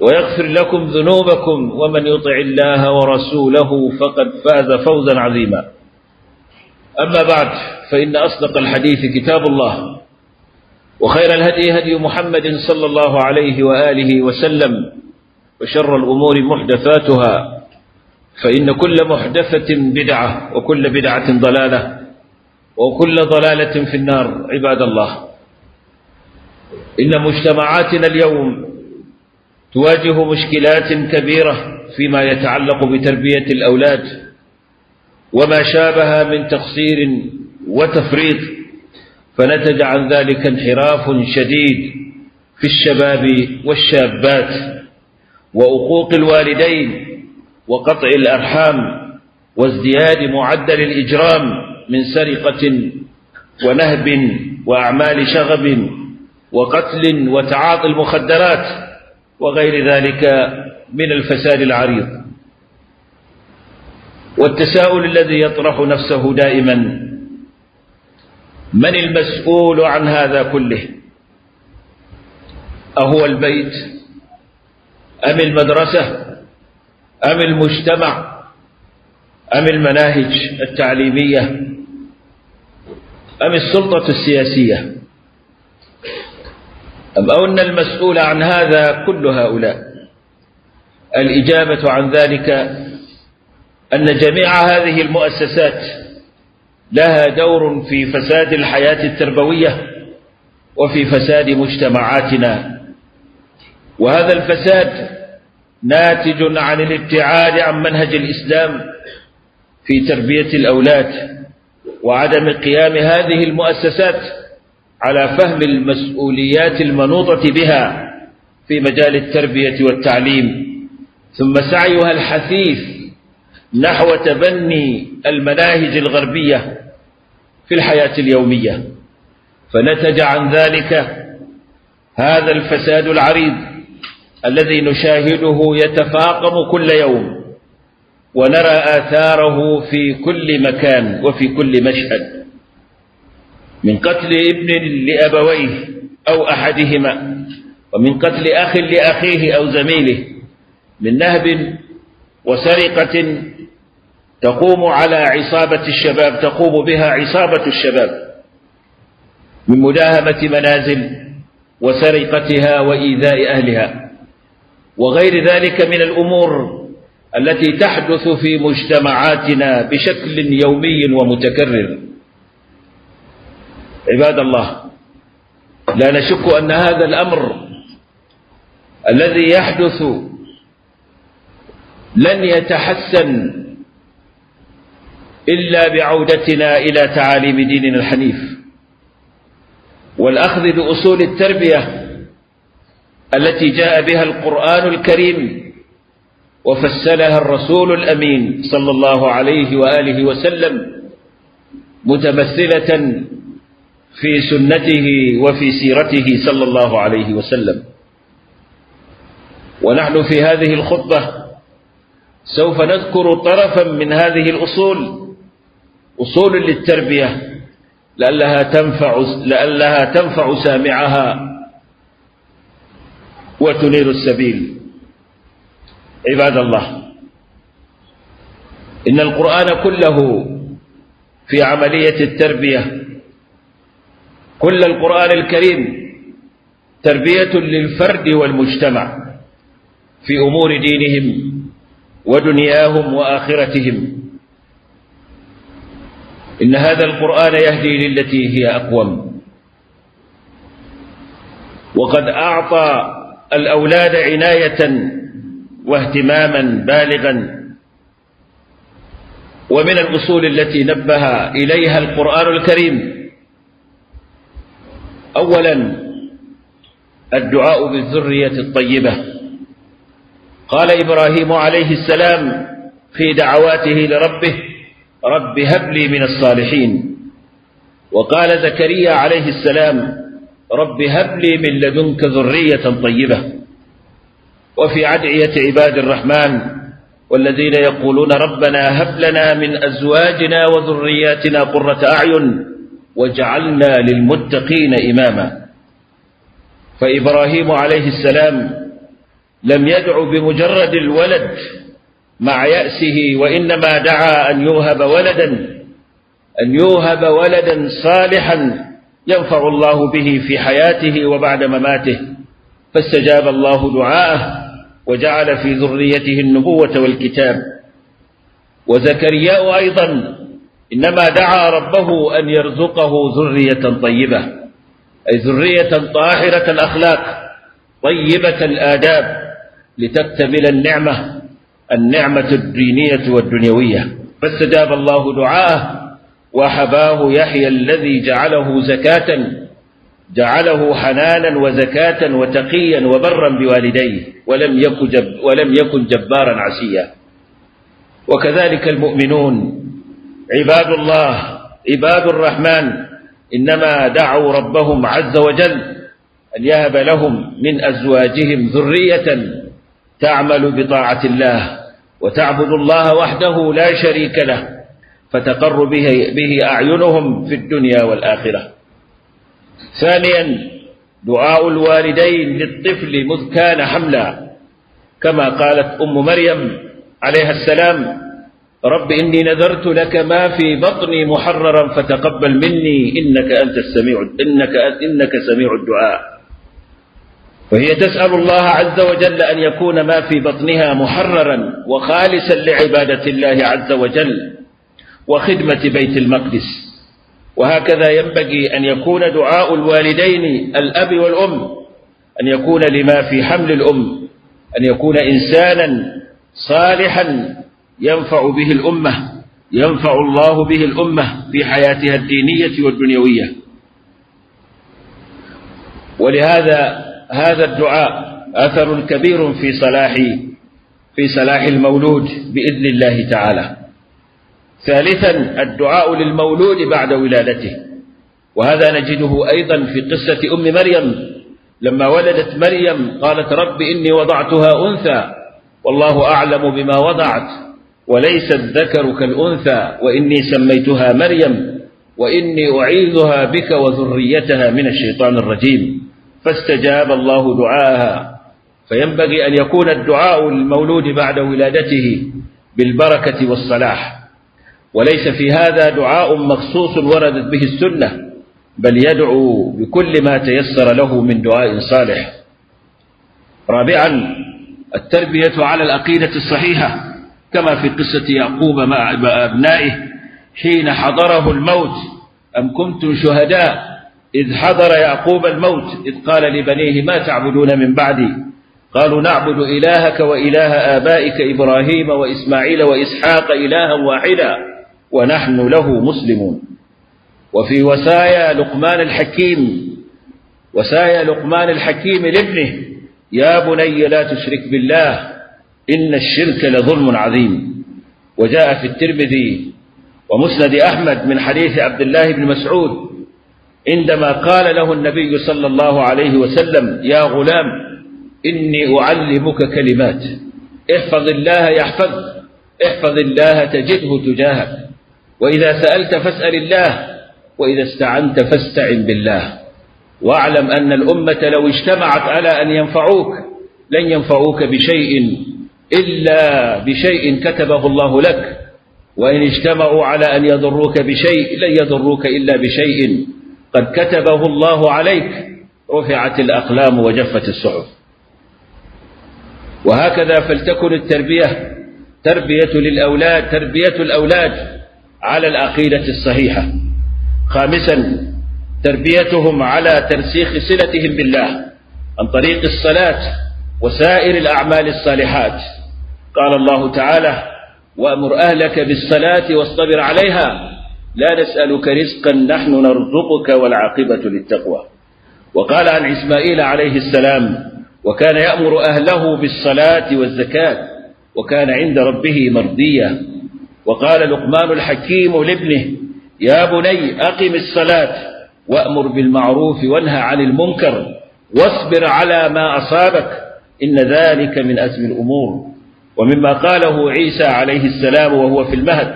ويغفر لكم ذنوبكم ومن يطع الله ورسوله فقد فاز فوزا عظيما أما بعد فإن أصدق الحديث كتاب الله وخير الهدي هدي محمد صلى الله عليه وآله وسلم وشر الأمور محدثاتها فإن كل محدثة بدعة وكل بدعة ضلالة وكل ضلالة في النار عباد الله إن مجتمعاتنا اليوم تواجه مشكلات كبيرة فيما يتعلق بتربية الأولاد وما شابها من تقصير وتفريط فنتج عن ذلك انحراف شديد في الشباب والشابات وأقوق الوالدين وقطع الأرحام وازدياد معدل الإجرام من سرقة ونهب وأعمال شغب وقتل وتعاطي المخدرات وغير ذلك من الفساد العريض والتساؤل الذي يطرح نفسه دائما من المسؤول عن هذا كله أهو البيت أم المدرسة أم المجتمع أم المناهج التعليمية أم السلطة السياسية أو أن المسؤول عن هذا كل هؤلاء الإجابة عن ذلك أن جميع هذه المؤسسات لها دور في فساد الحياة التربوية وفي فساد مجتمعاتنا وهذا الفساد ناتج عن الابتعاد عن منهج الإسلام في تربية الأولاد وعدم قيام هذه المؤسسات على فهم المسؤوليات المنوطة بها في مجال التربية والتعليم ثم سعيها الحثيث نحو تبني المناهج الغربية في الحياة اليومية فنتج عن ذلك هذا الفساد العريض الذي نشاهده يتفاقم كل يوم ونرى آثاره في كل مكان وفي كل مشهد من قتل ابن لأبويه أو أحدهما ومن قتل أخ لأخيه أو زميله من نهب وسرقة تقوم على عصابة الشباب تقوم بها عصابة الشباب من مداهمة منازل وسرقتها وإيذاء أهلها وغير ذلك من الأمور التي تحدث في مجتمعاتنا بشكل يومي ومتكرر عباد الله لا نشك أن هذا الأمر الذي يحدث لن يتحسن إلا بعودتنا إلى تعاليم ديننا الحنيف والأخذ بأصول التربية التي جاء بها القرآن الكريم وفسلها الرسول الأمين صلى الله عليه وآله وسلم متمثلة في سنته وفي سيرته صلى الله عليه وسلم ونحن في هذه الخطبة سوف نذكر طرفا من هذه الأصول أصول للتربية لألها تنفع, لألها تنفع سامعها وتنير السبيل عباد الله إن القرآن كله في عملية التربية كل القرآن الكريم تربية للفرد والمجتمع في أمور دينهم ودنياهم وآخرتهم إن هذا القرآن يهدي للتي هي أقوم وقد أعطى الأولاد عناية واهتماما بالغا ومن الأصول التي نبه إليها القرآن الكريم أولا الدعاء بالذرية الطيبة قال إبراهيم عليه السلام في دعواته لربه رب هب لي من الصالحين وقال زكريا عليه السلام رب هب لي من لدنك ذرية طيبة وفي أدعية عباد الرحمن والذين يقولون ربنا هب لنا من أزواجنا وذرياتنا قرة أعين وجعلنا للمتقين إماما فإبراهيم عليه السلام لم يدع بمجرد الولد مع يأسه وإنما دعا أن يوهب ولدا أن يوهب ولدا صالحا ينفع الله به في حياته وبعد مماته فاستجاب الله دعاءه وجعل في ذريته النبوة والكتاب وزكرياء أيضا إنما دعا ربه أن يرزقه ذرية طيبة أي ذرية طاهرة الأخلاق طيبة الآداب لتكتمل النعمة النعمة الدينية والدنيوية فاستجاب الله دعاءه وحباه يحيى الذي جعله زكاة جعله حنانا وزكاة وتقيا وبرا بوالديه ولم يكن, جب ولم يكن جبارا عسيا وكذلك المؤمنون عباد الله عباد الرحمن إنما دعوا ربهم عز وجل أن يهب لهم من أزواجهم ذرية تعمل بطاعة الله وتعبد الله وحده لا شريك له فتقر به, به أعينهم في الدنيا والآخرة ثانيا دعاء الوالدين للطفل مذ كان حملا كما قالت أم مريم عليها السلام رب إني نذرت لك ما في بطني محررا فتقبل مني إنك أنت السميع إنك إنك سميع الدعاء وهي تسأل الله عز وجل أن يكون ما في بطنها محررا وخالصا لعبادة الله عز وجل وخدمة بيت المقدس وهكذا ينبغي أن يكون دعاء الوالدين الأب والأم أن يكون لما في حمل الأم أن يكون إنسانا صالحا ينفع به الأمة ينفع الله به الأمة في حياتها الدينية والدنيوية ولهذا هذا الدعاء أثر كبير في صلاح في صلاح المولود بإذن الله تعالى ثالثا الدعاء للمولود بعد ولادته وهذا نجده أيضا في قصة أم مريم لما ولدت مريم قالت رب إني وضعتها أنثى والله أعلم بما وضعت وليس الذكر كالأنثى وإني سميتها مريم وإني أعيذها بك وذريتها من الشيطان الرجيم فاستجاب الله دعاها فينبغي أن يكون الدعاء للمولود بعد ولادته بالبركة والصلاح وليس في هذا دعاء مخصوص وردت به السنة بل يدعو بكل ما تيسر له من دعاء صالح رابعا التربية على العقيدة الصحيحة كما في قصة يعقوب مع أبنائه حين حضره الموت أم كنتم شهداء إذ حضر يعقوب الموت إذ قال لبنيه ما تعبدون من بعدي قالوا نعبد إلهك وإله آبائك إبراهيم وإسماعيل وإسحاق إلها واحدا ونحن له مسلمون وفي وسايا لقمان الحكيم وسايا لقمان الحكيم لابنه يا بني لا تشرك بالله إن الشرك لظلم عظيم وجاء في الترمذي ومسند أحمد من حديث عبد الله بن مسعود عندما قال له النبي صلى الله عليه وسلم يا غلام إني أعلمك كلمات احفظ الله يحفظك احفظ الله تجده تجاهك وإذا سألت فاسأل الله وإذا استعنت فاستعن بالله واعلم أن الأمة لو اجتمعت على أن ينفعوك لن ينفعوك بشيء إلا بشيء كتبه الله لك وإن اجتمعوا على أن يضروك بشيء لن يضروك إلا بشيء قد كتبه الله عليك رفعت الأقلام وجفت الصحف وهكذا فلتكن التربية تربية للأولاد تربية الأولاد على العقيدة الصحيحة خامسا تربيتهم على ترسيخ صلتهم بالله عن طريق الصلاة وسائر الأعمال الصالحات قال الله تعالى وأمر أهلك بالصلاة واصطبر عليها لا نسألك رزقا نحن نرزقك والعاقبة للتقوى وقال عن إسماعيل عليه السلام وكان يأمر أهله بالصلاة والزكاة وكان عند ربه مرضية وقال لقمان الحكيم لابنه يا بني أقم الصلاة وأمر بالمعروف وانهى عن المنكر واصبر على ما أصابك إن ذلك من أزم الأمور ومما قاله عيسى عليه السلام وهو في المهد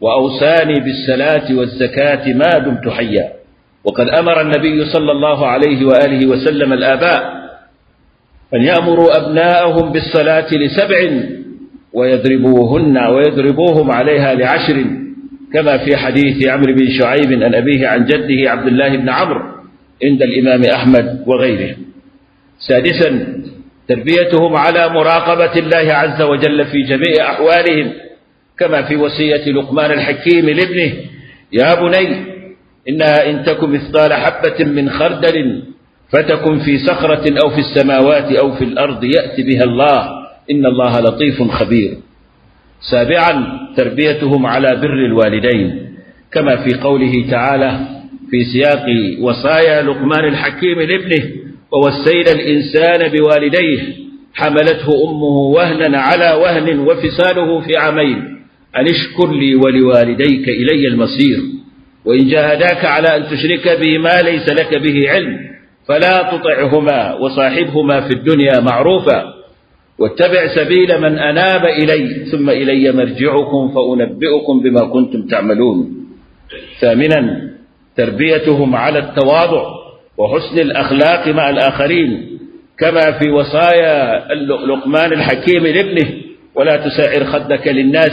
وأوصاني بالصلاة والزكاة ما دمت حيا وقد أمر النبي صلى الله عليه وآله وسلم الآباء أن يأمروا أبناءهم بالصلاة لسبع ويضربوهن ويضربوهم عليها لعشر كما في حديث عمرو بن شعيب عن أبيه عن جده عبد الله بن عمرو عند الإمام أحمد وغيره سادسا تربيتهم على مراقبة الله عز وجل في جميع أحوالهم كما في وصية لقمان الحكيم لابنه يا بني إنها إن تك مثقال حبة من خردل فتكن في صخرة أو في السماوات أو في الأرض يأتي بها الله إن الله لطيف خبير سابعا تربيتهم على بر الوالدين كما في قوله تعالى في سياق وصايا لقمان الحكيم لابنه ووسينا الإنسان بوالديه حملته أمه وهنا على وهن وفصاله في عامين أن اشكر لي ولوالديك إلي المصير وإن جاهداك على أن تشرك به ما ليس لك به علم فلا تطعهما وصاحبهما في الدنيا معروفا واتبع سبيل من أناب إلي ثم إلي مرجعكم فأنبئكم بما كنتم تعملون ثامنا تربيتهم على التواضع وحسن الأخلاق مع الآخرين كما في وصايا لقمان الحكيم لابنه ولا تسعر خدك للناس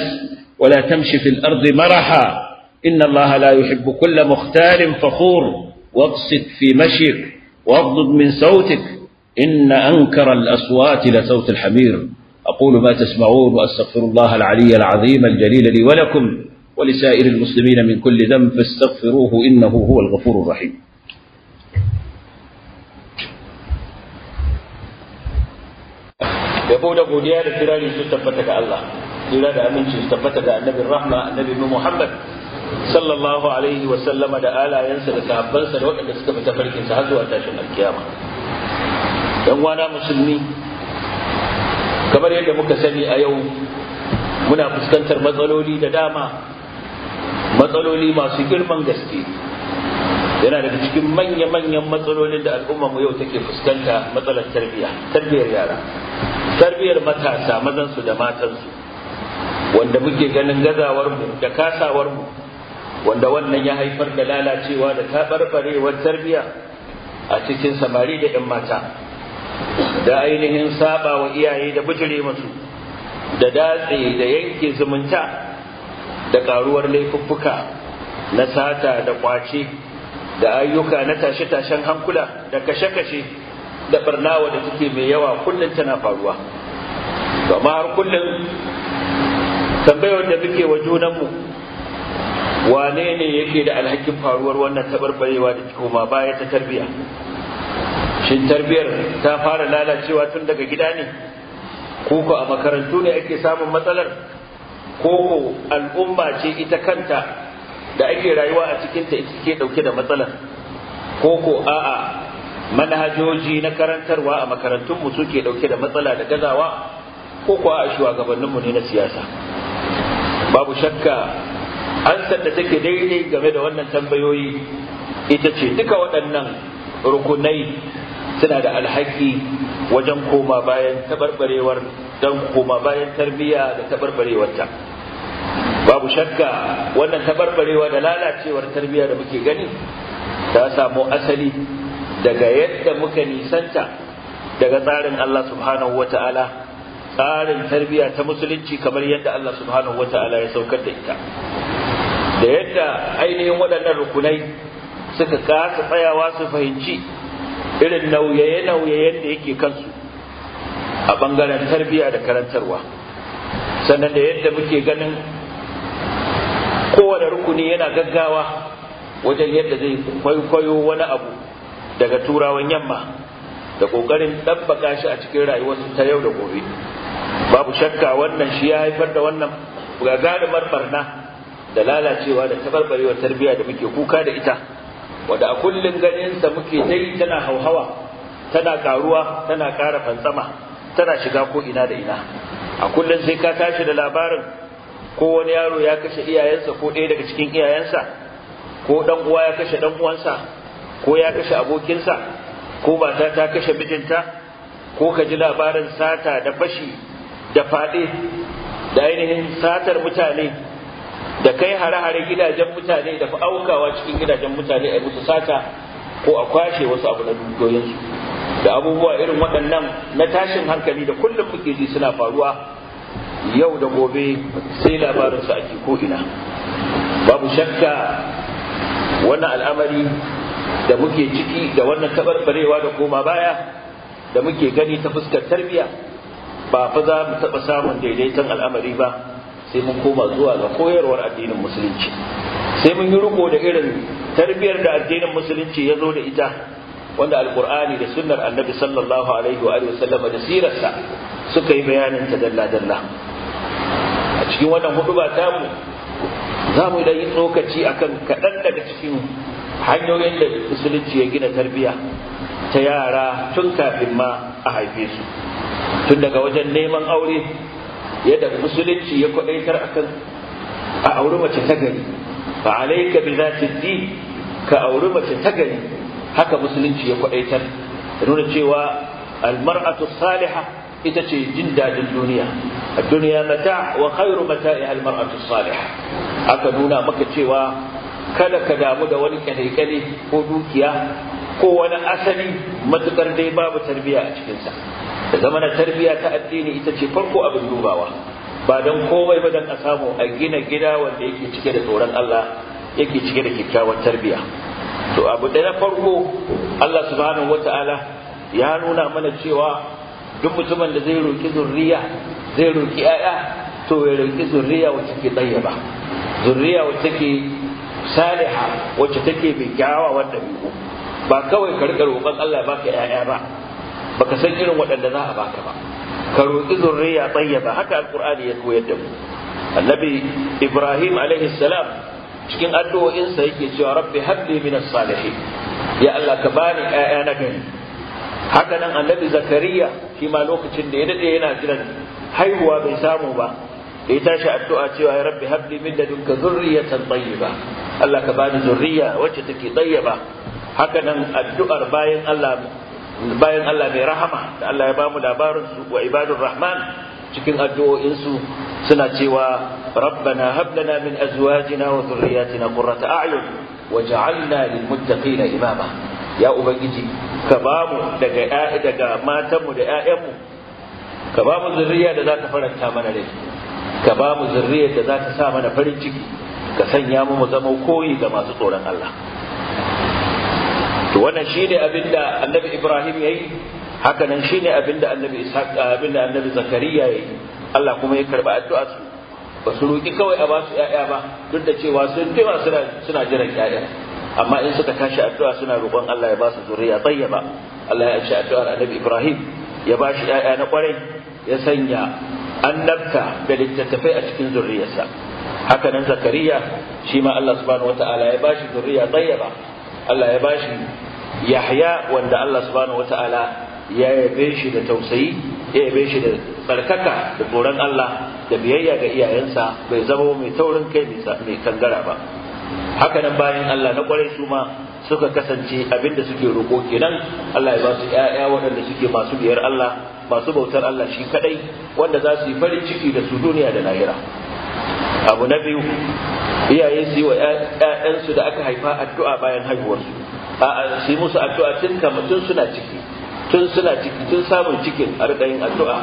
ولا تمشي في الأرض مرحا إن الله لا يحب كل مختال فخور واقصد في مشيك واغضب من صوتك إن أنكر الأصوات لصوت الحمير أقول ما تسمعون وأستغفر الله العلي العظيم الجليل لي ولكم ولسائر المسلمين من كل ذنب فاستغفروه إنه هو الغفور الرحيم yabo da godiya da kirari su tabbata ga Allah tsira da aminci su tabbata ga annabin rahma annabi Muhammad sallallahu alaihi wa sallama da alayensa da sahabbansa da waɗanda suka fita farkin sa har zuwa tashin alkiyama dan wana musulmi kamar yadda muka sani a yau muna fuskantar matsaloli da dama matsaloli masu girman gaske yana daga cikin manya-manyan matsalolin da al'ummar mu yau take fuskanta matsalar tarbiyya tarbiyyar yara tarbiyar matasa mazansu da matansu wanda muke ganin gazawarmu da kasawarmu wanda wannan ya haifar da lalacewa da taɓarɓarewar tarbiya a cikin samari da 'yan mata da ainihin saba wa iyaye da bijire masu da datse da yanke zumunta da karuwar laifuffuka na sata da ƙwace da ayyuka na tashe-tashen hankula da kashe-kashe da barna da take mai yawa kullum tana faruwa to amma har kullum tambayar da muke wa junanmu wane ne yake da alhakin faruwar wannan tabarbarewa da koma baya ta tarbiya shin tarbiyar ta fara lalacewa tun daga gida ne koko a makarantu ne ake samun matsalar koko al'umma ce ita kanta da ake rayuwa a cikinta ita ke ɗauke da matsalar koko a'a manhajoji na karantarwa a makarantunmu suke dauke da matsala da gazawa ko kuwa a shugabanninmu ne na siyasa babu shakka ansar da take daidai game da wannan tambayoyi ita ce duka waɗannan rukunai suna da alhaki wajen koma bayan tabarbarewar don koma bayan tarbiyya da ta babu shakka wannan tabarbarewa da lalacewar tarbiyya da muke gani ta samu asali daga yadda muka nisanta daga tsarin Allah subhanahu Ta'ala, tsarin tarbiyya ta musulunci kamar yadda Allah subhanahu Ta'ala ya saukar da ita da yadda ainihin waɗannan rukunai suka kasa tsayawa su fahimci irin nauyaye-nauyayen da yake kansu a ɓangaren tarbiyya da karantarwa sannan da yadda muke ganin kowane rukuni yana gaggawa wajen yadda zai kwaikwayo wani abu daga turawan yamma da kokarin dabbaka shi a cikin rayuwarsu ta yau da gobe babu shakka wannan shi ya haifar da wannan gagarumar barna da lalacewa da tabarbarewar tarbiyya da muke kuka da ita wanda a kullun ganinsa muke dai tana hauhawa tana karuwa tana kara fantsama tana shiga ko ina da ina a kullum sai ka tashi da labarin ko wani yaro ya kashe iyayensa ko ɗaya daga cikin iyayensa ko ɗan uwa ya kashe ɗan uwansa ko ya kashe abokinsa ko mata ta kashe mijinta ko ka ji labarin sata da fashi da faɗe da ainihin satar mutane da kai hare-hare gidajen mutane da fa'aukawa cikin gidajen mutane a musu sata ko a kwashe wasu abu na dukiyoyinsu da abubuwa irin waɗannan na tashin hankali da kullum muke ji suna faruwa yau da gobe sai labarinsu ake ko'ina babu shakka wannan al'amari da muke ciki da wannan tabarbarewa da koma baya da muke gani ta fuskar tarbiyya ba fa za mu taɓa samun daidaiton al'amari ba sai mun koma zuwa ga koyarwar addinin musulunci sai mun yi riko da irin tarbiyyar da addinin musulunci ya zo da ita wanda alkur'ani da sunnar annabi sallallahu alaihi wa alihi wasallam da sirarsa suka yi bayanin ta dalla dalla a cikin wannan hudu ba tamu za mu dan yi tsokaci akan kaɗan daga cikin hanyoyin da musulunci ya gina tarbiyya ta yara tun kafin ma a haife su tun daga wajen neman aure yadda musulunci ya kwadaitar akan a auri mace ta gari fa alaika bi zati ka auri mace ta gari haka musulunci ya kwadaitar da nuna cewa almar'atu salihah ita ce jin dadin duniya a duniya mata wa khairu mata'iha almar'atu salihah aka nuna maka cewa kada ka damu da wani kyale ko dukiya ko wani asali matukar dai babu tarbiya a cikinsa da zama na tarbiya ta addini ita ce farko abin dubawa ba don komai ba don a samu a gina gida wanda yake cike da tsoron Allah yake cike da kyakkyawar tarbiya to abu da na farko Allah subhanahu wata'ala ya nuna mana cewa duk mutumin da zai roki zurriya zai roki 'ya'ya to ya roki zurriya wacce ke tsayyaba zurriya wacce ke saliha wacce take mai wadda biyu ba kawai ka rika roƙon Allah baka ƴaƴa ba baka san irin waɗanda za a baka ba ka roƙi zurriya tayyiba haka alqur'ani ya koyar da mu annabi ibrahim alaihi salam cikin addu'o'insa yake cewa rabbi habli min salihin ya Allah ka bani ƴaƴa na gani. haka nan annabi zakariya shi ma lokacin da ya dade yana jiran haihuwa bai samu ba ya tashi addu'a cewa ya rabbi habli min ladunka zurriyatan tayyiba Allah ka bani zurriya wacce take tayyiba haka nan addu'ar bayan Allah bayan Allah mai rahama da Allah ya bamu labarin su wa ibadur rahman cikin addu'o'in su suna cewa rabbana hab lana min azwajina wa dhurriyyatina qurrata a'yun waj'alna lil muttaqina imama ya ubangiji ka bamu daga daga matanmu da 'ya'yanmu ka bamu zurriya da za ta faranta mana rai ka ba mu zurriyar da za ta sa mana farin ciki ka sanya mu zama koyi ga masu tsoron Allah to wannan shine abin annabi Ibrahim yayi haka nan shine abin annabi Ishaq abin annabi Zakariya yayi Allah kuma ya karba addu'a su ba su roki kawai a ba su ƴaƴa ba duk da cewa sun tewa suna suna jiran 'ya'ya. amma in suka tashi addu'a suna roƙon Allah ya ba su zuriya tayyiba Allah ya ci addu'ar annabi Ibrahim ya ba shi ƴaƴa na kwarai ya sanya An annabta da littattafai a cikin zurriyarsa haka nan zakariya shi ma Allah subhanahu wata'ala ya bashi zurriya tsayyaba Allah ya bashi yahya wanda Allah subhanahu wata'ala ya yabe shi da tausayi ya yabe shi da tsarkaka da tsoron Allah da biyayya ga iyayensa bai zama mai taurin kai mai kangara ba haka nan bayan Allah na kwarai su ma suka kasance abinda suke roƙo kenan Allah ya ba su ƴaƴa waɗanda suke masu biyar Allah masu bautar Allah shi kadai wanda za su yi farin ciki da su duniya da lahira abu na biyu iyaye su yi wa ‘ya'yansu da aka haifa addu'a bayan haihuwarsu a su yi musu addu'a tun kama tun suna ciki tun suna ciki tun samun cikin a addu'a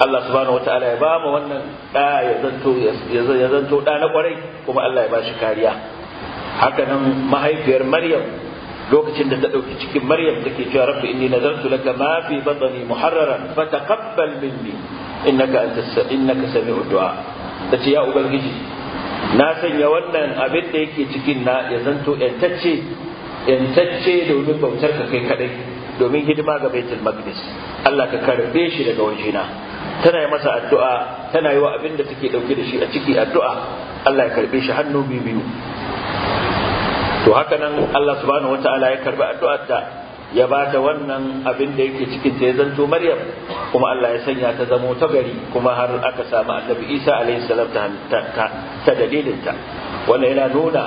Allah subhanahu ta’ala ya ba mu wannan ɗa ya zanto ɗa na kwarai kuma Allah ya ba shi kariya haka nan mahaifiyar Maryam lokacin da ta ɗauki cikin maryam take cewa rabbi inni nazartu laka ma fi batni muharraran taqabbal minni innaka antas innaka sami'ud du'a tace ya ubangiji na sanya wannan abin da yake cikin na ya zanto yantacce yantacce domin bautar ka kai kadai domin hidima ga baitul maqdis Allah ka karbe shi daga wajena tana yi masa addu'a tana yi wa abin da take dauke da shi a ciki addu'a Allah ya karbe shi hannu biyu to haka nan Allah subhanahu wataala ya karbi addu'ar ta ya ba ta wannan abin da yake cikin ta ya zanto Maryam kuma Allah ya sanya ta zamo ta gari kuma har aka samu Annabi Isa alayhi salam ta ta dalilin ta wannan yana nuna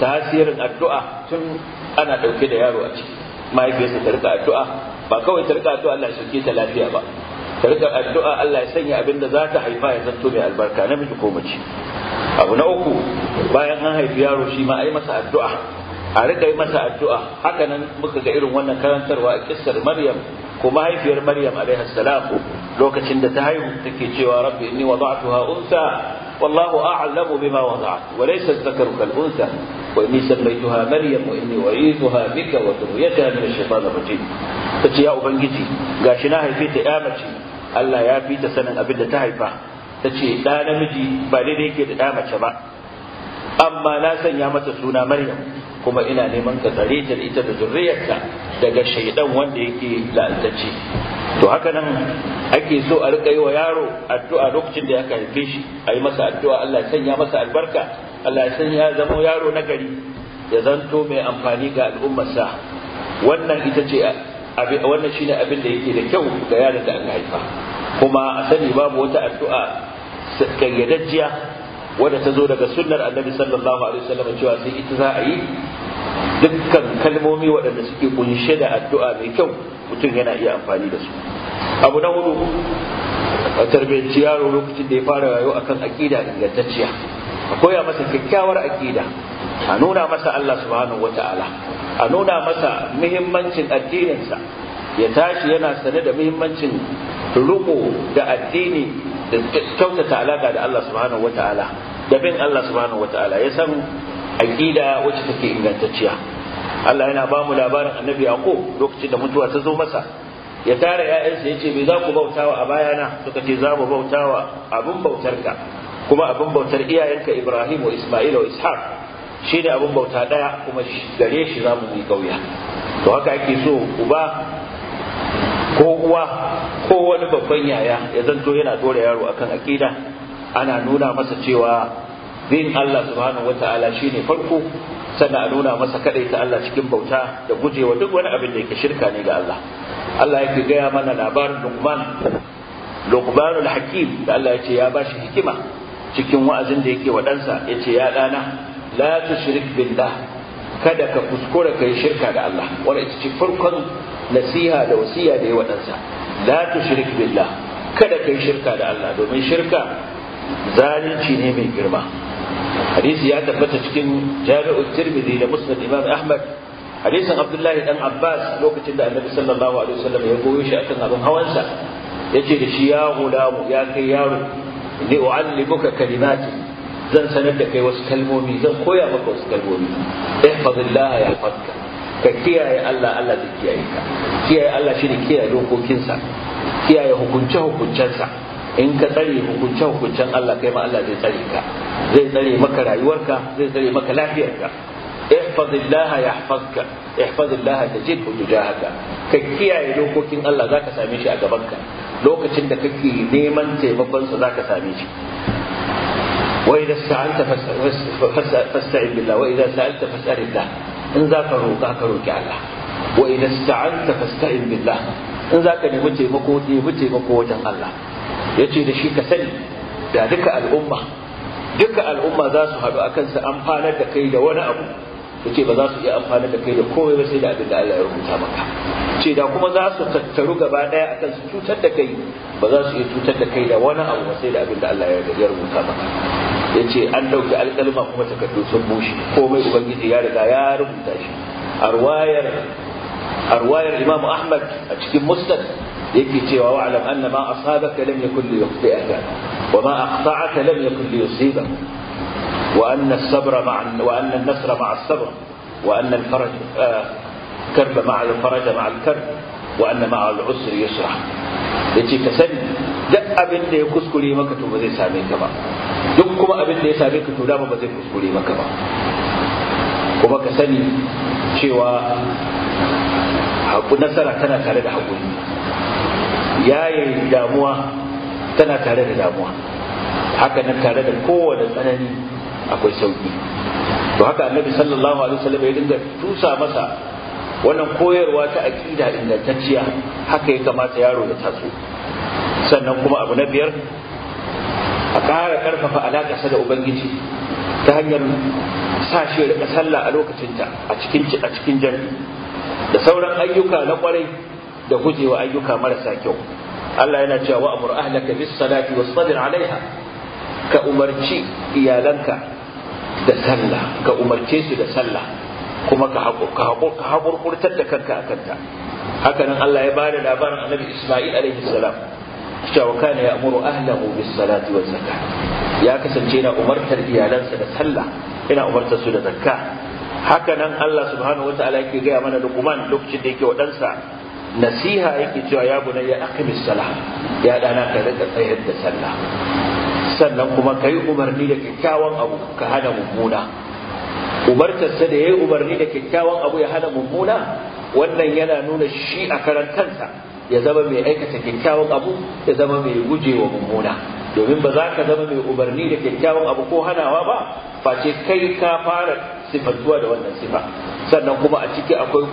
tasirin addu'a tun ana dauke da yaro a ciki mahaifiyarsa ta rika addu'a ba kawai ta rika addu'a Allah ya sauke ta lafiya ba ta rika addu'a Allah ya sanya abin da za ta haifa ya zanto mai albarka namiji ko mace abu na uku bayan an haifi yaro shi ma yi masa addu'a a riƙa yi mata addu'a haka nan muka ga irin wannan karantarwa a kissar maryam ko mahaifiyar maryam alaihi salam lokacin da ta haihu take cewa rabbi inni wada'tuha unsa wallahu a'lamu bima wada'at wa laysa dhakaru kal unsa wa inni sammaytuha maryam wa inni u'idhuha bika wa dhurriyyataha min ash-shaytan ar-rajim tace ya ubangiji gashi na haife ta ya mace Allah ya fi ta sanin abin da ta haifa tace da namiji ba daidai yake da da mace ba amma na sanya mata suna maryam kuma ina neman ka tsare ta da ita da zurriyarta daga shaidan wanda yake la'antacce to haka nan ake so a rika yi wa yaro addu'a lokacin da ya haife shi a yi masa addu'a Allah ya sanya masa albarka Allah ya sanya ya zama yaro na gari ya zanto mai amfani ga al'ummarsa wannan ita ce wannan shine abin da yake da kyau ga yaron da aka haifa kuma a sani babu wata addu'a kayyadajjiya wadda ta zo daga sunnar annabi sallallahu alaihi wasallam cewa sai ita za a yi dukkan kalmomi waɗanda suke kunshe da addu'a mai kyau mutum yana iya amfani da su abu na hudu a tarbiyyanci yaro lokacin da ya fara rayuwa akan aƙida ingantacciya a koya masa kyakkyawar aƙida a nuna masa Allah subhanahu wata'ala a nuna masa muhimmancin addininsa ya tashi yana sane da muhimmancin riko da addini da kyautata alaka da Allah subhanahu wataala da bin Allah subhanahu wataala ya san aqida wacce take ingantacciya Allah yana ba mu labarin Annabi Yaqub lokacin da mutuwa ta zo masa ya tara 'ya'yansa ya ce me za ku bautawa a bayana suka ce za mu bautawa abin bautarka kuma abin bautar iyayenka Ibrahim wa Isma'il wa Ishaq shi ne abin bauta ɗaya kuma gare shi za mu yi kauya to haka ake so uba ko uwa ko wani babban yaya ya zanto yana dora yaro akan aƙida ana nuna masa cewa din Allah subhanahu wata'ala shine farko sannan a nuna masa kadai ta Allah cikin bauta da gujewa duk wani abin da yake shirka ne ga Allah Allah yake gaya mana labarin Luqman Luqmanul Hakim da Allah yace ya bashi hikima cikin wa'azin da yake wa ɗansa ya ce ya ɗana la tushrik billah kada ka kuskura kai shirka da Allah wannan ita ce farkon nasiha da wasiya da ya waɗansa la shirk billah kada kai shirka da Allah domin shirka zalunci ne mai girma hadisi ya tabbata cikin jami'ut tirmidhi da musnad imam ahmad hadisin abdullahi dan abbas lokacin da annabi sallallahu alaihi wasallam ya goyo shi akan abin hawansa yace da shi ya gulamu ya kai yaro li u'allimuka kalimati zan sanar da kai wasu kalmomi zan koya maka wasu kalmomi ihfazillah yahfazka ka kiyaye Allah Allah zai kiyaye ka kiyaye Allah shi ne kiyaye dokokinsa kiyaye hukunce hukuncensa in ka tsare hukunce hukuncen Allah kai ma Allah zai tsare ka zai tsare maka rayuwarka zai tsare maka lafiyarka ihfazillaha yahfazka ihfazillaha tajidhu tujahaka ka kiyaye dokokin Allah zaka same shi a gaban ka lokacin da kake neman taimakon sa zaka same shi وإذا استعنت فاستعن بالله وإذا سألت فاسأل الله in za ka roƙa ka roƙi Allah wa idan sta'anta fasta'in billah in za ka nemi taimako nemi taimako wajen Allah ya ce da shi ka sani da duka al'umma duka al'umma za su haɗu akan su amfanar da kai da wani abu yace ba za su iya amfanar da kai da komai ba sai da abin da Allah ya rubuta maka ce da kuma za su tattaru gaba daya akan su cutar da kai ba za su iya cutar da kai da wani abu ba sai da abin da Allah ya rubuta maka ya ce an ɗauki alƙalma kuma takardu sun bushe komai ubangiji ya riga ya rubuta shi arwayar arwayar imamu ahmad a cikin musnad yake cewa wa alam anna ma asabaka lam yakun li yukhti'aka wa ma aqta'aka lam yakun li yusiba wa anna as-sabra ma'a wa anna an-nasra ma'a as-sabr wa anna al-faraj karba ma'a al-faraj ma'a al-karb wa anna ma'a al-usri yusra yace ka sani duk abin da ya kuskure maka to ba zai same ka ba duk kuma abin da ya same ka to dama ba zai kuskure maka ba kuma ka sani cewa nasara tana tare da haƙuri yayin damuwa tana tare da damuwa haka nan tare da kowane tsanani akwai sauƙi to haka annabi sallallahu alaihi wasallam ya dinga tusa masa wannan koyarwa ta aƙida ingantacciya haka ya kamata yaro ya taso sannan kuma abu na biyar a ƙara ƙarfafa sa da ubangiji ta hanyar sa shi da sallah a lokacinta a cikin a cikin jami'i da sauran ayyuka na ƙwarai da gujewa ayyuka marasa kyau Allah yana cewa amur ahlaka bis salati sabr alaiha ka umarci iyalanka da sallah ka umarce su da sallah kuma ka haƙurƙurtar da kanka a kanta hakanan Allah ya bada labarin annabi Isma'il alaihi salam cewa kana ya'muru ahlahu bis salati waz zakah ya kasance yana umartar iyalansa da sallah yana umartar su da zakka haka nan Allah subhanahu wataala yake gaya mana Luqman lokacin da yake wa ɗansa nasiha yake cewa ya bunayya aqimis salah ya dana ka rika tsayar da sallah sannan kuma ka yi umarni da kyakkyawan abu ka hana mummuna umartarsa da ya yi umarni da kyakkyawan abu ya hana mummuna wannan yana nuna shi a karan ya zama mai aikata kyakkyawan abu ya zama mai gujewa mummuna domin ba za ka zama mai umarni da kyakkyawan abu ko hanawa ba face kai ka fara sifantuwa da wannan sifa sannan kuma a ciki akwai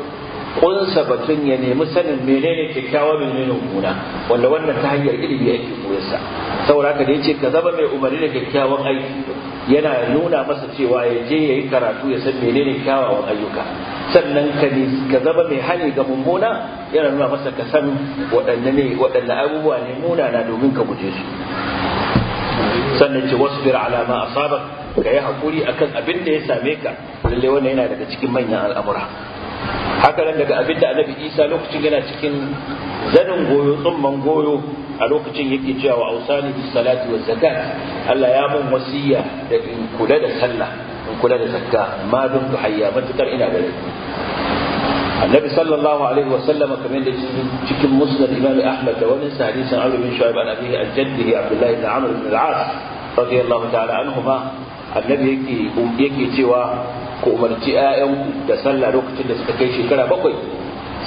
kunsa batun ya nemi sanin menene kyakkyawa menene mummuna wanda wannan ta hanyar ilimi ake koyarsa saboda ka da ce ka zama mai umarni da kyakkyawan aiki yana nuna masa cewa ya je ya yi karatu ya san menene kyawawan ayyuka sannan ka zama mai hani ga mummuna yana nuna masa ka san waɗanne ne waɗanne abubuwa ne na domin ka guje su sannan ce wasu bira alama a sabar ka yi haƙuri akan abin da ya same ka lalle wannan yana daga cikin manyan al'amura haka nan daga abin da annabi isa lokacin yana cikin zanin goyo tsumman goyo a lokacin yake cewa wa ausani bis salati waz zakat Allah ya mun wasiya da in kula da sallah in kula da zakka ma dun hayya matukar ina da rai annabi sallallahu alaihi wasallam kamar da cikin musnad imam ahmad da wani hadisin amr bin shuaib an abihi al jaddihi abdullah ibn amr bin al-as radiyallahu ta'ala anhuma annabi yake yake cewa ku umarci 'ya'yanku da sallah lokacin da suka kai shekara bakwai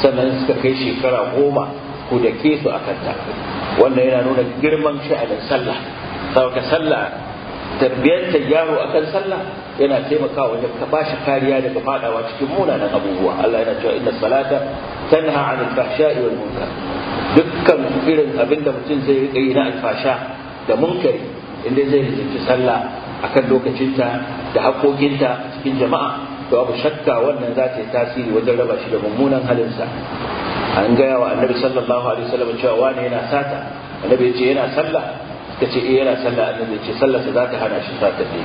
sannan suka kai shekara goma ku ke su akan ta wannan yana nuna girman sha'anin sallah saboda sallah tarbiyyar yaro akan sallah yana taimakawa wajen ka bashi kariya daga fadawa cikin munanan abubuwa Allah yana cewa inna salata tanha 'anil fahsha'i wal munkar dukkan irin abinda mutum zai rika yi na alfasha da munkari inda zai rikici sallah akan lokacinta da haƙoƙinta cikin jama'a to babu shakka wannan za ta yi tasiri wajen raba shi da mummunan halinsa an gaya wa annabi sallallahu alaihi wasallam cewa wani yana sata annabi ya ce yana sallah ta ce eh yana sallah annabi ya ce sallarsa za ta hana shi sata ne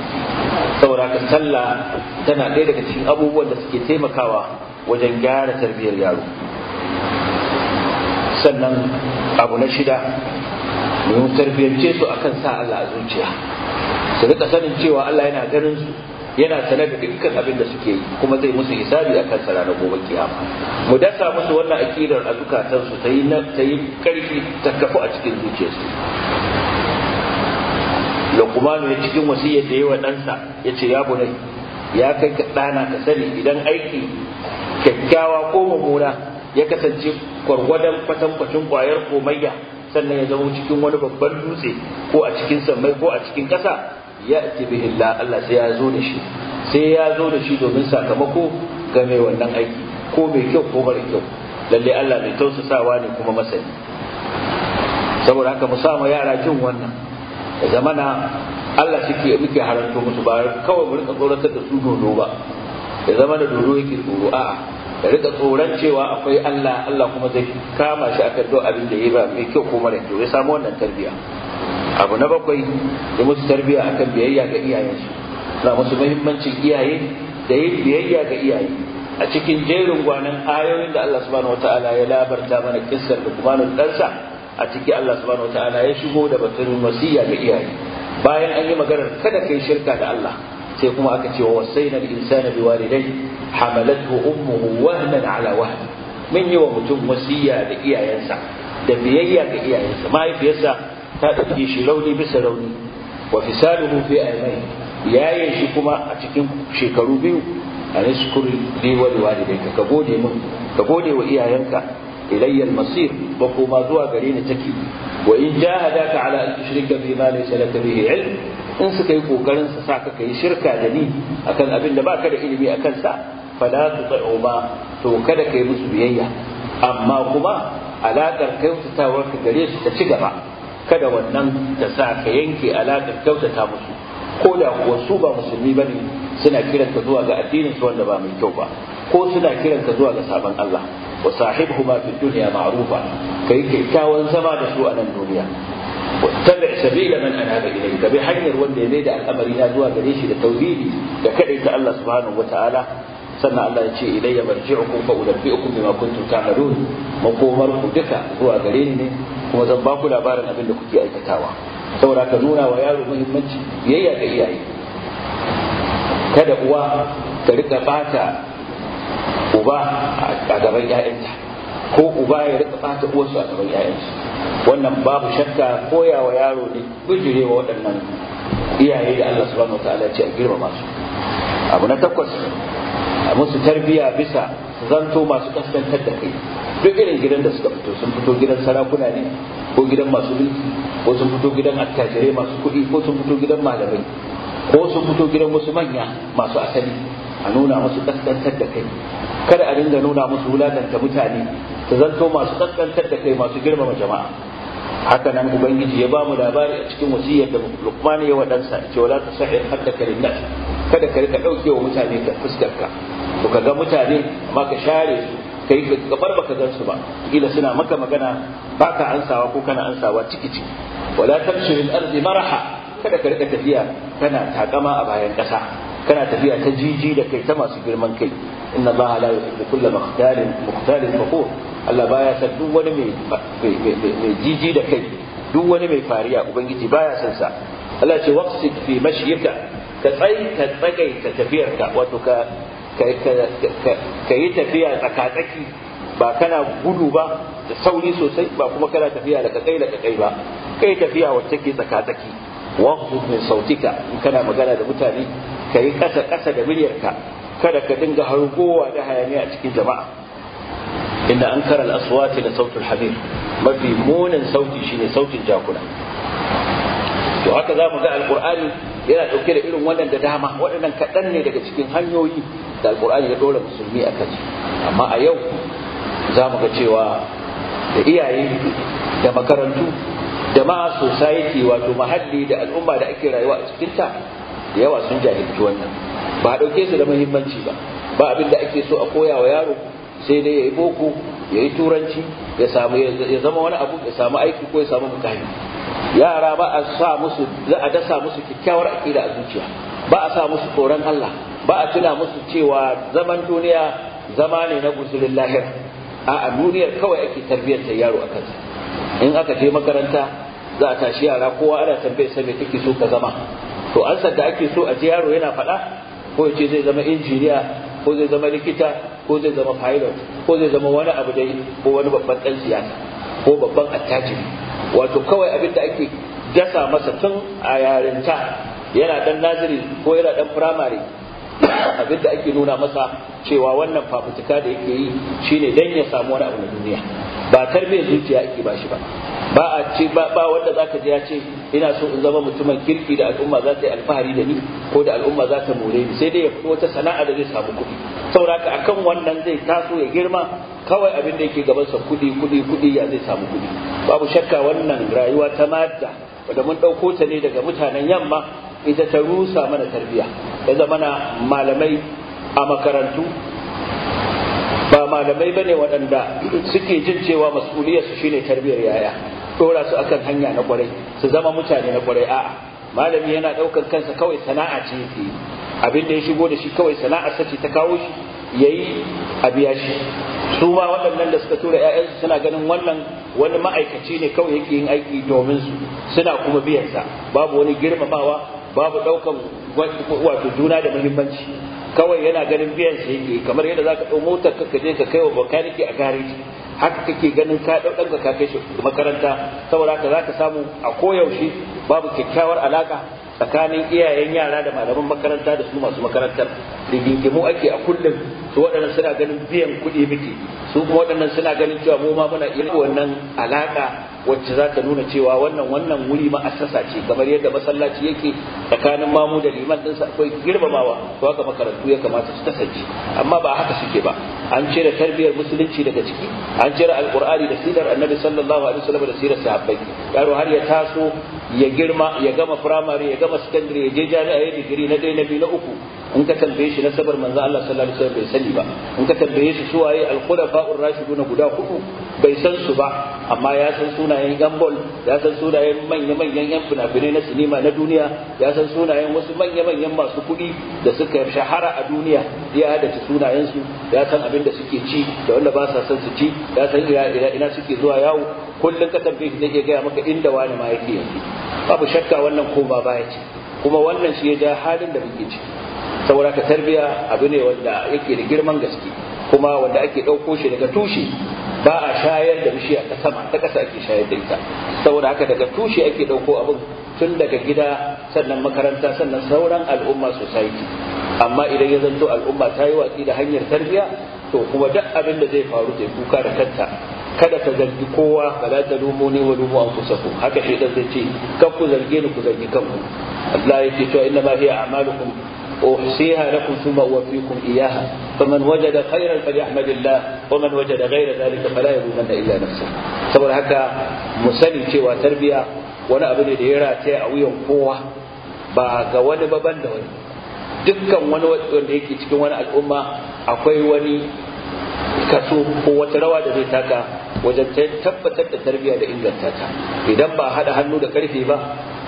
saboda ka sallah tana ɗaya daga cikin abubuwan da suke taimakawa wajen gyara tarbiyyar yaro sannan abu na shida domin tarbiyyance su akan sa Allah a zuciya su rika sanin cewa Allah yana ganin su yana sanar da dukkan abin da suke yi kuma zai musu hisabi a kansa ranar gobe kiyama mu dasa musu wannan akidar a zukatansu ta yi ta yi karfi ta kafu a cikin zuciyarsu Lokumanu ya cikin wasiyyar da yawa ɗansa ya ce ya bunai ya kai ka ɗana ka sani idan aiki kyakkyawa ko mummuna ya kasance gwargwadon kwatankwacin kwayar komayya sannan ya zama cikin wani babban dutse ko a cikin sammai ko a cikin ƙasa ya'ti bihi Allah Allah sai ya zo da shi sai ya zo da shi domin sakamako ga mai wannan aiki ko mai kyau ko mara kyau lalle Allah mai tausasawa ne kuma masani saboda haka mu samu yara jin wannan da zamana Allah suke muke haranto musu ba kawai mu rika tsoratar da su dodo ba da zamana dodo yake tsoro a'a da rika tsoron cewa akwai Allah Allah kuma zai kama shi akan duk abin da ya ba mai kyau ko mara kyau ya samu wannan tarbiyya abu na bakwai yi musu tarbiyya akan biyayya ga iyayensu na musu mahimmancin iyaye da yin biyayya ga iyaye a cikin jerin gwanan ayoyin da Allah subhanahu wataala ya labarta mana kissar Luqmanul ɗansa a ciki Allah subhanahu wataala ya shigo da batun wasiya ga iyaye bayan an yi maganar kada kai shirka da Allah sai kuma aka ce wa wasaina insani insana walidai hamalathu ummuhu wahnan ala wahn min yi wa mutum wasiya da iyayensa da biyayya ga iyayensa mahaifiyarsa ta ɗauke shi rauni bisa rauni wa fisaluhu fi ya yayin shi kuma a cikin shekaru biyu an iskuri li wa liwalidayka ka gode min ka gode wa iyayenka ilayyal masir ba kuma zuwa gare ni take wa in jahadaka ala an tushrika bi ma laysa laka bihi ilm in suka yi kokarin sa saka kai shirka da ni akan abin da baka da ilimi akan sa fala tuṭi'u to kada kai musu biyayya amma kuma alaƙar kyautatawarka gare su ta ci gaba kada wannan ta sa ka yanke alaƙar kyautata musu ko da kuwa su ba musulmi ne suna kiran ka zuwa ga addinin su wanda ba mai kyau ba ko suna kiran ka zuwa ga sabon Allah wa sahibhuma fi dunya ma'rufa kai kyakkyawan zama da su a nan duniya wattabi sabila man anaba ilayhi ka bi hanyar wanda ya da al'amari na zuwa gare shi da tauhidi da kadaita Allah subhanahu wataala sannan Allah ya ce ilayya marji'ukum fa unabbi'ukum bima kuntum ta'malun makomar ku duka zuwa gare ni ne kuma zan ba ku labarin abin da kuke aikatawa saboda ka nuna wa yaro muhimmanci biyayya ga iyaye kada uwa ta rika bata uba a gaban 'ya'yanta ko uba ya rika bata uwarsu a gaban 'ya'yansu wannan babu shakka koya wa yaro ne bijirewa waɗannan iyaye da Allah subhanahu wa ta'ala ce a girmama su abu na takwas a musu tarbiya bisa zanto masu kaskantar da kai duk irin gidan da suka fito sun fito gidan sarakuna ne ko gidan masu mulki ko sun fito gidan attajirai masu kuɗi ko sun fito gidan malamai ko sun fito gidan wasu manya masu asali a nuna musu kaskantar da kai kada a dinga nuna musu wulakanta mutane ta zanto masu kaskantar da kai masu girmama jama'a haka nan ubangiji ya ba mu labari a cikin wasiyar da lukman ya wadansa ce wala ta sa'ir hatta karin nas kada ka rika dauke wa mutane ka fuskar ka to kaga mutane amma ka share su kai ka bar baka gan su ba kila suna maka magana baka ansawa ko kana ansawa ciki ciki wala tamshi bil ardi maraha kada ka rika tafiya kana takama a bayan kasa kana tafiya ta jiji da kai ta masu girman kai inna allaha la yuhibbu kulla mukhtalin mukhtalin fakhur Allah baya san duk wani mai jiji da kai duk wani mai fariya ubangiji baya san sa Allah ce waqsid fi mashyika ka tsai ka tafiyar tafiyarka wato ka ka yi tafiya tsakatsaki ba kana gudu ba da sauri sosai ba kuma kana tafiya da kakai da kakai ba kai tafiya wacce ke tsakatsaki waqsid min sautika in kana magana da mutane ka yi kasa kasa da muryarka kada ka dinga hargowa da hayaniya a cikin jama'a inda an kara al'aswati da sautin hamir mafi munin sauti shine sautin jakuna to haka za mu ga alkur'ani yana ɗauke da irin wannan da dama waɗannan kaɗan ne daga cikin hanyoyi da alkur'ani ya ɗora musulmi a kaci amma a yau za mu ga cewa da iyaye da makarantu da ma society wato mahalli da al'umma da ake rayuwa a cikinta da yawa sun jahilci wannan ba a ɗauke su da muhimmanci ba ba abin da ake so a koya wa yaro sai dai ya yi boko ya yi turanci ya zama wani abu ya samu aiki ko ya samu mutane. yara ba a sa musu za a dasa musu kyakkyawar aƙida a zuciya ba a sa musu tsoron Allah ba a tuna musu cewa zaman duniya zama ne na gusulin lahir a duniyar kawai ake tarbiyyar yaro a kansa in aka je makaranta za a tashi yara kowa ana tambayar sa me kake so ka zama to ansar da ake so a ji yaro yana faɗa ko ya zai zama injiniya ko zai zama likita ko zai zama pilot ko zai zama wani abu dai ko wani babban ɗan siyasa ko babban attajiri wato kawai abin da ake dasa masa tun a yarinta yana dan naziri ko yana dan firamare abin da ake nuna masa cewa wannan fafutuka da yake yi shine dan ya samu wani abu na duniya ba tarbiyyar zuciya ake ba shi ba ba a ce ba wanda zaka ji ya ce ina so in zama mutumin kirki da al'umma za ta yi alfahari da ni ko da al'umma za ta more ni sai dai ya fito wata sana'a da zai samu kuɗi sauraka akan wannan zai taso ya girma kawai abin da yake sa kuɗi kuɗi kuɗi ya zai samu kuɗi babu shakka wannan rayuwa ta madda wanda mun ɗauko ta ne daga mutanen yamma ita ta rusa mana tarbiya ya zama na malamai a makarantu ba malamai bane waɗanda suke jin cewa mas'uliyar su shine tarbiyar yaya dora su akan hanya na kwarai su zama mutane na kwarai a'a malami yana ɗaukar kansa kawai sana'a ce yake abin da ya shigo da shi kawai sana'a sace ta kawo shi yayi a biya shi su ma waɗannan da suka tura su suna ganin wannan wani ma'aikaci ne kawai yake yin aiki domin su suna kuma biyansa babu wani girmamawa babu daukan wato juna da muhimmanci kawai yana ganin biyan sa yake kamar yadda zaka dau motar ka kaje ka kai wa bakaniki a gareji haka kake ganin ka dau dan ka kai shi makaranta saboda haka zaka samu a koyaushe babu kyakkyawar alaka tsakanin iyayen yara da malaman makaranta da su masu makarantar rigingimu ake a kullum su waɗannan suna ganin biyan kuɗi muke su kuma waɗannan suna ganin cewa mu ma muna iya wannan alaka wacce za ta nuna cewa wannan wannan wuri ma'assasa ce kamar yadda masallaci yake tsakanin mamu da liman ɗinsa akwai girmamawa to haka makarantu ya kamata su kasance amma ba haka suke ba an cire tarbiyyar musulunci daga ciki an cire alƙurani da sirar annabi sallallahu alaihi wasallam da sirar sahabbai yaro har ya taso ya girma ya gama firamare ya gama sakandare ya je jami'a ya digiri na ɗaya na biyu na uku in ka tambaye shi nasabar manzo Allah sallallahu alaihi wasallam bai sani ba in ka tambaye shi su waye al ar rashiduna guda hudu bai san su ba amma ya san sunayen yan bol ya san sunayen manya manyan yan fina-finai na sinima na duniya ya san sunayen wasu manya manyan masu kuɗi da suka shahara a duniya ya da sunayen su ya san abin da suke ci da wanda ba sa son su ci ya san ina suke zuwa yawo kullum ka tambaye shi zai gaya maka inda wani ma yake yanzu babu shakka wannan koma baya ce kuma wannan shi ya ja halin da muke ciki saboda ka tarbiya abu ne wanda yake da girman gaske kuma wanda ake ɗauko shi daga tushe ba a shayar da bishiya ta sama ta ƙasa ake shayar da ita saboda haka daga tushe ake ɗauko abin tun daga gida sannan makaranta sannan sauran al'umma society amma idan ya zanto al'umma ta yi watsi da hanyar tarbiya to kuma duk abin da zai faru zai kuka da kanta kada ta zargi kowa ba za ta lumo ne wa lumo an kusa ku haka shi dan zai ce kan ku zarge ni ku zargi kanku Allah ya ce cewa inna ma hiya a'malukum أحصيها لكم ثم أوفيكم إياها فمن وجد خيرا فليحمد الله ومن وجد غير ذلك فلا يلومن إلا نفسه saboda haka mu sani cewa tarbiya wani abu ne da ya rataya a wuyan kowa ba ga wani baban da wani dukkan wani wanda yake cikin wani al'umma akwai wani kaso ko wata rawa da zai taka wajen tabbatar da tarbiya da inganta ta idan ba haɗa hannu da karfe ba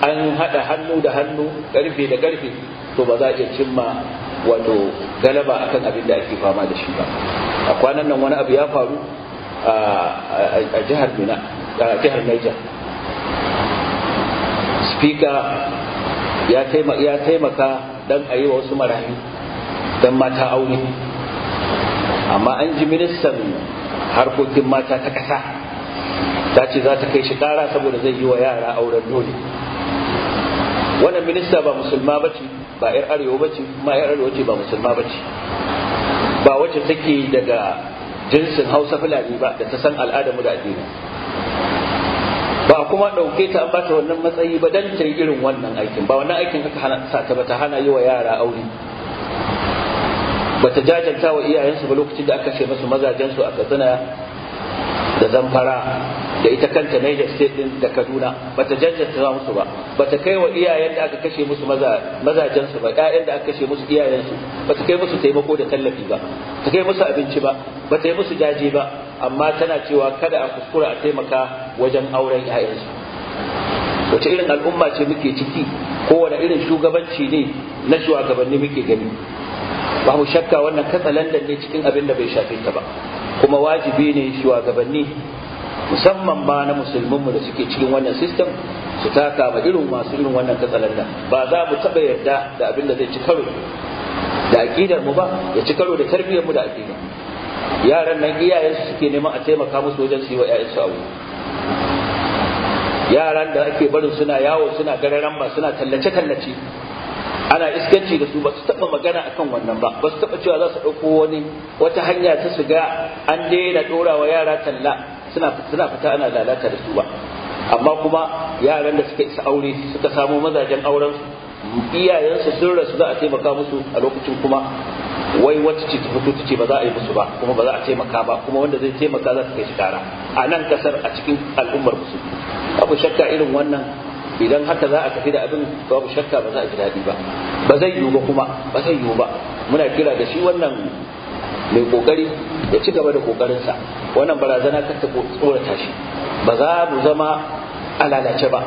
an haɗa hannu da hannu karfe da karfe to ba za a iya cimma wato galaba akan abin da ake fama da shi ba a kwanan nan wani abu ya faru a jihar Mina a jihar Niger speaker ya taimaka ya taimaka dan yi wa wasu marayu dan mata aure amma an ji ministan harkokin mata ta kasa ta ce za ta kai shi ƙara saboda zai yi wa yara auren dole wannan minista ba musulma ba ce ba yar arewa ce ma yar arewa ce ba musulma ba ce ba wacce take daga jinsin hausa fulani ba da ta san al'adar mu da addini ba kuma ɗauke ta an ba ta wannan matsayi ba dan ta irin wannan aikin ba wannan aikin aka sata sa ta bata hana yi wa yara aure bata jajanta wa iyayensu ba lokacin da aka ce masu mazajensu a katsina da zamfara da ita kanta Niger State din da Kaduna ba bata jajjanta musu ba ta kai wa iyayen da aka kashe musu mazajen ba ƴaƴan da aka kashe musu iyayen su ta kai musu taimako da tallafi ba ta kai musu abinci ba bata yi musu jaje ba amma tana cewa kada a kuskura a taimaka wajen auren 'ya'yansu. su wace irin al'umma ce muke ciki ko kowane irin shugabanci ne na shugabanni muke gani ba mu shakka wannan katsalandan ne cikin abin da bai shafe ta ba kuma wajibi ne shugabanni musamman ba na musulmanmu da suke cikin wannan system su taka ba irin masu irin wannan katsalan nan ba za mu taɓa yarda da abin da zai ci karo da aƙidar mu ba ya ci karo da tarbiyyar mu da aƙidar yaran nan iyayen su suke neman a taimaka musu wajen su yi wa ƴaƴan su yaran da ake barin suna yawo suna gararan ba suna tallace tallace ana iskanci da su ba su taɓa magana akan wannan ba ba su taɓa cewa za su ɗauko wani wata hanya ta su ga an daina ɗora wa yara talla suna fita ana lalata da su ba amma kuma yaran da suka isa aure suka samu mazajen auren iyayensu sun rasu za a taimaka musu a lokacin kuma wai wacce ce ta fito ta ce ba za a yi musu ba kuma ba za a taimaka ba kuma wanda zai taimaka za su kai shi kara a nan kasar a cikin al'ummar musu babu shakka irin wannan idan haka za a tafi da abin babu shakka ba za a ji daɗi ba ba zai yiwu ba kuma ba zai yiwu ba muna kira da shi wannan mai kokari ya ci gaba da kokarinsa wannan barazana kar ta tsorata shi ba za mu zama a lalace ba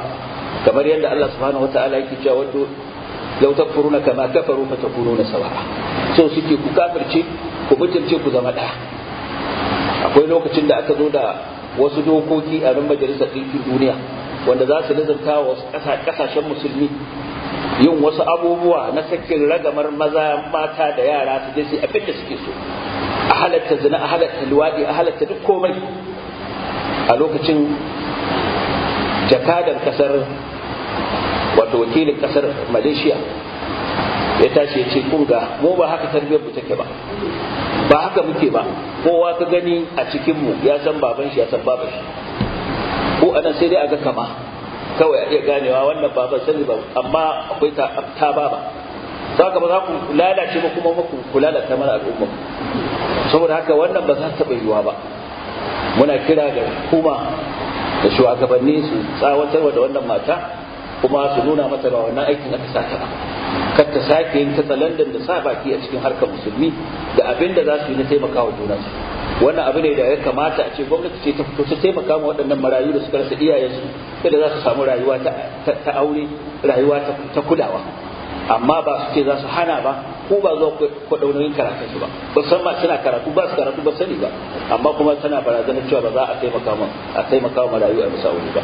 kamar yadda Allah subhanahu wataala yake cewa wato law takfuruna kama kafaru takununa sawa'a so suke ku kafirce ku mutunce ku zama daya akwai lokacin da aka zo da wasu dokoki a nan majalisar ɗinkin duniya wanda za su nazarta wa ƙasashen musulmi yin wasu abubuwa na sakin ragamar maza mata da yara su je su abin da suke so a halatta zina a halatta luwaɗi a halatta duk komai a lokacin jakadan kasar wato wakilin kasar malaysia ya tashi ya ce kunga mu ba haka tarbiyyar mu take ba ba haka muke ba kowa ka gani a cikin mu ya san baban shi ya san baban shi ko anan sai dai a ga kama kawai a iya ganewa wannan baban sani ba amma akwai ta baba za ka ba za ku lalace ba kuma ku lalata mana al'umma saboda haka wannan ba za su taɓa yiwuwa ba muna kira ga kuma da shugabanni su tsawatarwa da wannan mata kuma su nuna mata ba wannan aikin aka sata ba kar ta sake yin tsalandan da sa baki a cikin harkar musulmi da abin da za su yi na taimakawa juna su wannan abu ne da ya kamata a ce gwamnati ce ta fito ta taimaka ma waɗannan marayu da suka rasa iyayensu kada za su samu rayuwa ta aure rayuwa ta kulawa amma ba su ce za su hana ba ko ba zuwa ku daunoyin karatun su ba musamman suna karatu ba su karatu ba sani ba amma kuma tana barazana cewa ba za a taimaka mun a taimaka mu rayu a bisa ba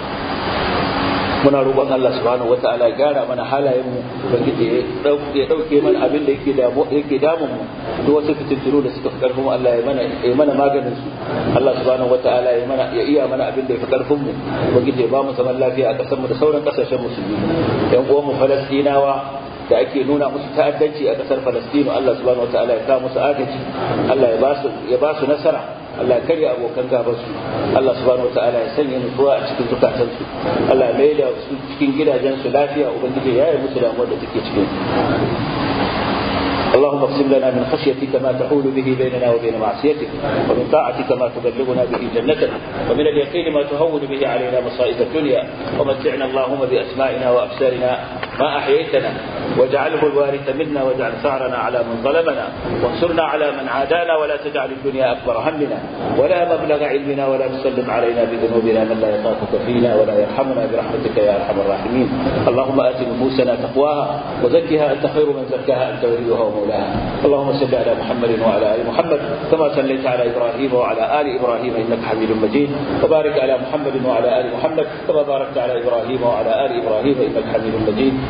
muna roƙon Allah subhanahu wataala ya gyara mana halayen mu ubangiji ya dauke mana abin da yake damu yake damun mu duk wasu fitintunu da suka karfin mu Allah ya mana ya mana maganin su Allah subhanahu wataala ya mana ya iya mana abin da ya karfin mu ubangiji ya ba mu zaman lafiya a kasar mu da sauran kasashen musulmi yan uwan mu Falastinawa da ake nuna musu ta'addanci a kasar Falastinu Allah subhanahu wataala ya kawo musu agaji Allah ya ba su ya ba su nasara Allah ya karya abokan gaban su Allah subhanahu wataala ya sanya nutsuwa a cikin zukatan su Allah ya maida su cikin gidajen su lafiya ubangiji ya yi musu damuwar da take cikin اللهم اقسم لنا من خشيتك ما تحول به بيننا وبين معصيتك ومن طاعتك ما تبلغنا به جنتك ومن اليقين ما تهون به علينا مصائب الدنيا ومتعنا اللهم باسمائنا وابصارنا ما أحييتنا واجعله الوارث منا واجعل ثارنا على من ظلمنا وانصرنا على من عادانا ولا تجعل الدنيا أكبر همنا ولا مبلغ علمنا ولا تسلم علينا بذنوبنا من لا يخافك فينا ولا يرحمنا برحمتك يا أرحم الراحمين اللهم آت نفوسنا تقواها وزكها أنت خير من زكاها أنت وليها ومولاها اللهم صل على محمد وعلى آل محمد كما صليت على إبراهيم وعلى آل إبراهيم إنك حميد مجيد وبارك على محمد وعلى آل محمد كما باركت على إبراهيم وعلى آل إبراهيم إنك حميد مجيد